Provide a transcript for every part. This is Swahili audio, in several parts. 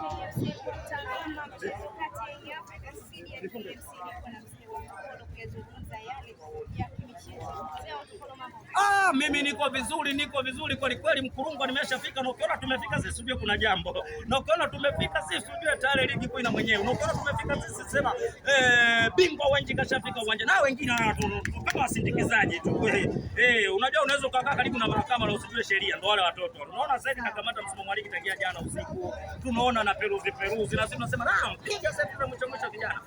KMC kukutana kama mchezo kati ya Africans dhidi ya KMC. Niko na msanii wa Mkono kuyazungumza yale ya kimichezo Ah, mimi niko vizuri, niko vizuri kweli kweli, mkurungo nimeshafika, na ukiona tumefika sisi ujue kuna jambo, na ukiona tumefika sisi ujue tayari ligi kuu ina mwenyewe, na ukiona tumefika sisi sema eh, bingwa wengi kashafika uwanja, na wengine kama wasindikizaji tu eh, unajua unaweza ukakaa karibu na mahakama na usijue sheria, ndo wale watoto unaona. Zaidi nakamata msimamo wa ligi tangia jana usiku, tunaona na peruzi peruzi, na sisi tunasema ah, mpiga sasa, tunamchomesha kijana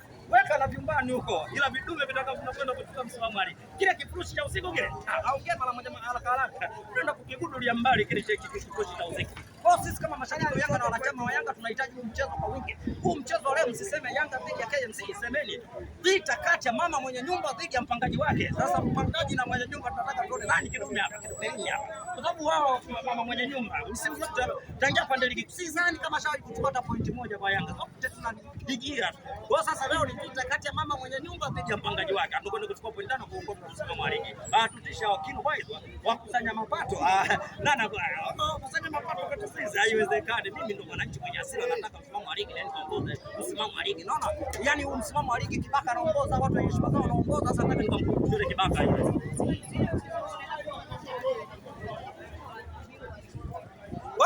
la vyumbani huko, ila vidume vitaka vinakwenda kuchukua msimamo ali kile kifurushi cha usiku kile, aongea mara moja haraka haraka, tunaenda kukigudulia mbali kile cha kifurushi cha usiku. Kwa sisi kama mashabiki Yanga na wanachama wa Yanga tunahitaji huu mchezo kwa wingi. Huu mchezo leo, msiseme Yanga dhidi ya KMC, semeni vita kati ya mama mwenye nyumba dhidi ya mpangaji wake. Sasa mpangaji na mwenye nyumba tunataka tuone nani kidume hapa, kidume hapa, kwa sababu wao mama mwenye nyumba msimu wote tangia pande ligi Sisi sidhani kama shawahi kuchukua hata pointi moja kwa Yanga. Kwa tunanipigia. Kwa sasa leo ni vita kati ya mama mwenye nyumba dhidi ya mpangaji wake. Atakwenda kuchukua pointi tano kuongoa kwa msimamo ah, wa ligi. Ah, tutisha wakinu waizwa wakusanya mapato. Ah, na kusanya mapato kwa sisi haiwezekani. Mimi ndo mwananchi mwenye asili nataka msimamo wa ligi ndio kuongoza. msimamo wa ligi. Naona yani huu msimamo wa ligi Kibaka anaongoza watu wa heshima zao anaongoza sasa nataka nikamkumbushe Kibaka hiyo.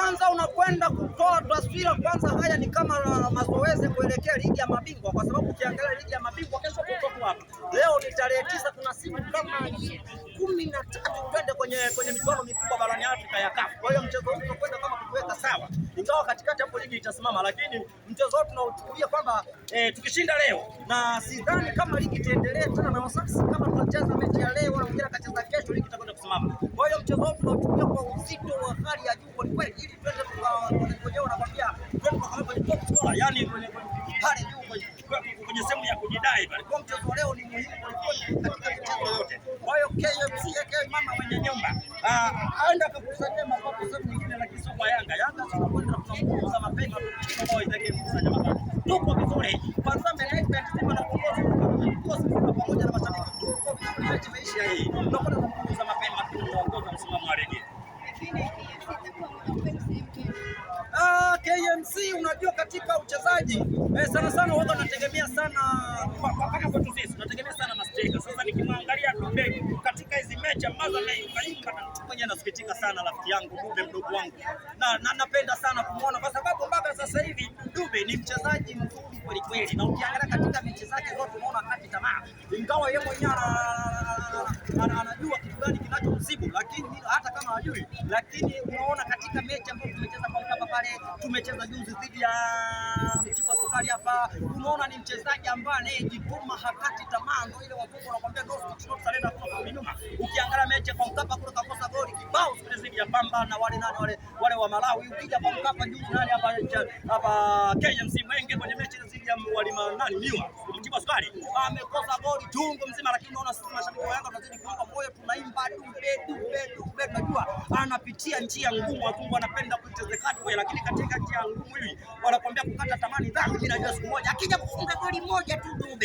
kwanza unakwenda kutoa taswira kwanza. Haya ni kama uh, mazoezi kuelekea ligi ya mabingwa, kwa sababu ukiangalia ligi ya mabingwa kesho kutoka hapa, leo ni tarehe tisa, kuna siku kama kumi na tatu twende kwenye kwenye michuano mikubwa barani Afrika ya CAF. Kwa hiyo mchezo huu tunakwenda kama kuweka sawa, ingawa katikati hapo ligi itasimama, lakini mchezo huu tunauchukulia kwamba e, tukishinda leo, na sidhani kama ligi itaendelea tena na wasasi kama tunacheza mechi ya leo na mwingine akacheza kesho, ligi itakwenda kusimama mchezo wao kwa uzito wa hali ya juu kweli, ili tuende wenyewe, yani pale juu kwenye sehemu ya kujidai pale. Kwa mchezo leo ni muhimu katika michezo yote. Kwa hiyo KMC yake mama mwenye nyumba aenda akakusanya mapato sehemu nyingine, lakini sio kwa Yanga. Yanga sio kwenda kusambaza mapema kwa ile kusanya mapato, tuko vizuri kwa sababu management nzima na uongozi pamoja na mashabiki, tuko vizuri mechi hii ndio Ah, KMC unajua, katika uchezaji eh, sana sana huwa tunategemea sana mpaka kwetu sisi tunategemea sana mastriker. Sasa nikimwangalia Dube katika hizi mechi ambazo mtu mwenyewe, nasikitika sana rafiki yangu Dube, mdogo wangu, na, na napenda sana kumwona kwa sababu mpaka sasa hivi Dube ni mchezaji mzuri kweli kweli, na ukiangalia katika mechi zake zote unaona kati tamaa, ingawa yeye mwenyewe anajua gani kinachomsibu, lakini hata kama hajui, lakini unaona katika mechi ambayo tumecheza kwa Mkapa pale, tumecheza juzi dhidi ya Mtibwa Sukari hapa, unaona ni mchezaji ambaye anayejituma, hakati tamaa, ndio ile wakongo wanakuambia kwa nyuma. Ukiangalia mechi kwa Mkapa kule kakosa goli kibao siku dhidi ya Pamba na wale nani wale wale wa Malawi, ukija kwa Mkapa juzi nani hapa hapa KMC Mwenge kwenye mechi dhidi ya Mwalimu nani Miwa Mtibwa Sukari amekosa goli chungu mzima, lakini unaona sisi mashabiki wa Yanga tunazidi kuomba moyo, tunaimba dube dube dube. Unajua anapitia njia ngumu, watu wanapenda kucheza hardcore, lakini katika njia ngumu hii wanakuambia kukata tamani dhambi. Najua siku moja akija kufunga goli moja tu dube